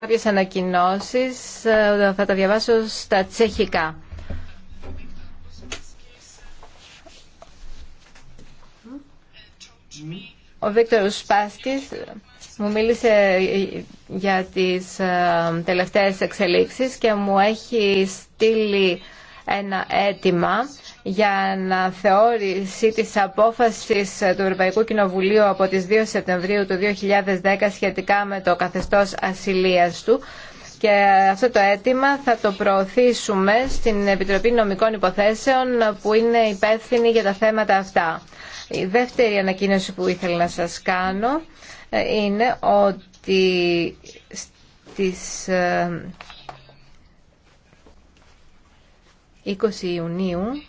κάποιες ανακοινώσεις, ε, θα τα διαβάσω στα τσεχικά. Ο Βίκτορ Σπάσκης μου μίλησε για τις ε, τελευταίες εξελίξεις και μου έχει στείλει ένα αίτημα για αναθεώρηση της απόφασης του Ευρωπαϊκού Κοινοβουλίου από τις 2 Σεπτεμβρίου του 2010 σχετικά με το καθεστώς ασυλίας του και αυτό το αίτημα θα το προωθήσουμε στην Επιτροπή Νομικών Υποθέσεων που είναι υπεύθυνη για τα θέματα αυτά. Η δεύτερη ανακοίνωση που ήθελα να σας κάνω ε, είναι ότι στις ε, 20 Ιουνίου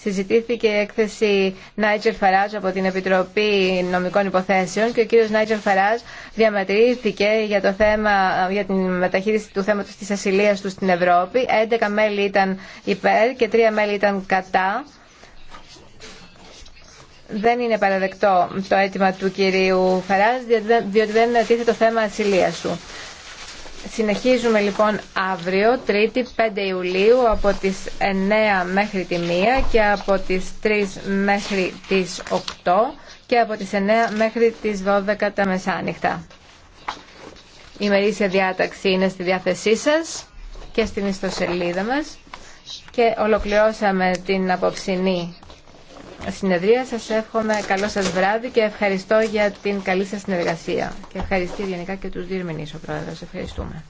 συζητήθηκε η έκθεση Νάιτζερ Φαράζ από την Επιτροπή Νομικών Υποθέσεων και ο κύριος Νάιτζερ Φαράζ διαμετρήθηκε για, το θέμα, για την μεταχείριση του θέματος της ασυλίας του στην Ευρώπη. 11 μέλη ήταν υπέρ και 3 μέλη ήταν κατά. Δεν είναι παραδεκτό το αίτημα του κυρίου Φαράζ, διότι δεν τίθεται το θέμα ασυλίας του. Συνεχίζουμε λοιπόν αύριο, Τρίτη, 5 Ιουλίου, από τις 9 μέχρι τη 1 και από τις 3 μέχρι τις 8 και από τις 9 μέχρι τις 12 τα μεσάνυχτα. Η μερίσια διάταξη είναι στη διάθεσή σας και στην ιστοσελίδα μας και ολοκληρώσαμε την απόψινή συνεδρία. Σας εύχομαι καλό σας βράδυ και ευχαριστώ για την καλή σας συνεργασία. Και ευχαριστώ γενικά και τους διερμηνείς ο Πρόεδρος. Ευχαριστούμε.